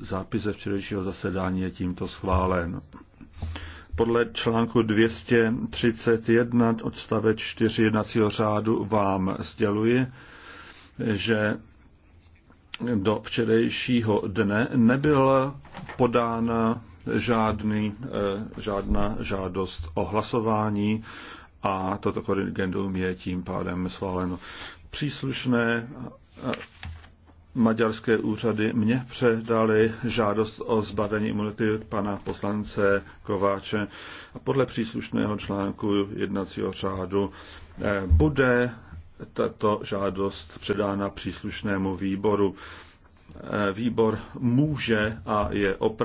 Zápis ze včerejšího zasedání je tímto schválen. Podle článku 231 odstavec 4 jednacího řádu vám sděluji, že do včerejšího dne nebyl podána žádný, eh, žádná žádost o hlasování a toto korigendum je tím pádem schváleno. Příslušné maďarské úřady mě předali žádost o zbavení imunity pana poslance Kováče a podle příslušného článku jednacího řádu eh, bude tato žádost předána příslušnému výboru. Eh, výbor může a je oprávněn